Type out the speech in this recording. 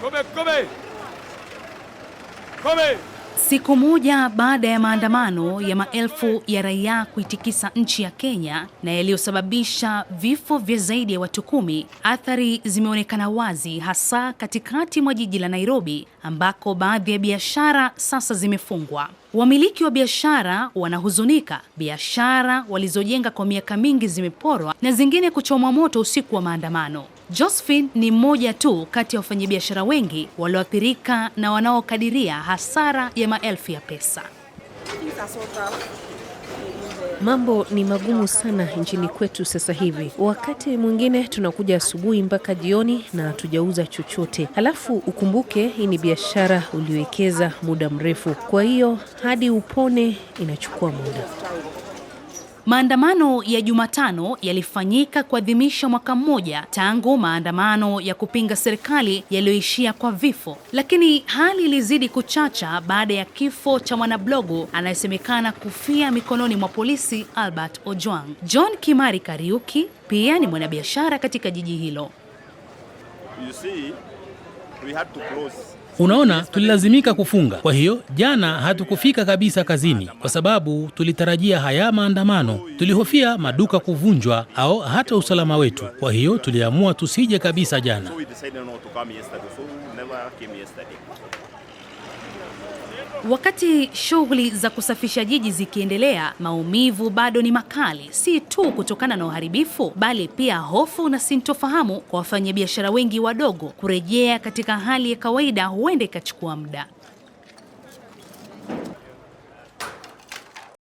Kobe, kobe. Kobe. Siku moja baada ya maandamano ya maelfu ya raia kuitikisa nchi ya Kenya na yaliyosababisha vifo vya zaidi ya watu kumi, athari zimeonekana wazi, hasa katikati mwa jiji la Nairobi ambako baadhi ya biashara sasa zimefungwa. Wamiliki wa biashara wanahuzunika. Biashara walizojenga kwa miaka mingi zimeporwa na zingine kuchomwa moto usiku wa maandamano. Josephine ni mmoja tu kati ya wafanyabiashara wengi walioathirika na wanaokadiria hasara ya maelfu ya pesa. Mambo ni magumu sana nchini kwetu sasa hivi. Wakati mwingine tunakuja asubuhi mpaka jioni na hatujauza chochote. Halafu ukumbuke hii ni biashara uliowekeza muda mrefu, kwa hiyo hadi upone inachukua muda. Maandamano ya Jumatano yalifanyika kuadhimisha mwaka mmoja tangu maandamano ya kupinga serikali yaliyoishia kwa vifo, lakini hali ilizidi kuchacha baada ya kifo cha mwanablogu anayesemekana kufia mikononi mwa polisi Albert Ojwang. John Kimari Kariuki pia ni mwanabiashara katika jiji hilo. You see? we had to close. Unaona, tulilazimika kufunga. Kwa hiyo jana hatukufika kabisa kazini, kwa sababu tulitarajia haya maandamano. Tulihofia maduka kuvunjwa au hata usalama wetu, kwa hiyo tuliamua tusije kabisa jana. Wakati shughuli za kusafisha jiji zikiendelea, maumivu bado ni makali, si tu kutokana na uharibifu, bali pia hofu na sintofahamu kwa wafanyabiashara wengi wadogo. Kurejea katika hali ya kawaida huenda ikachukua muda.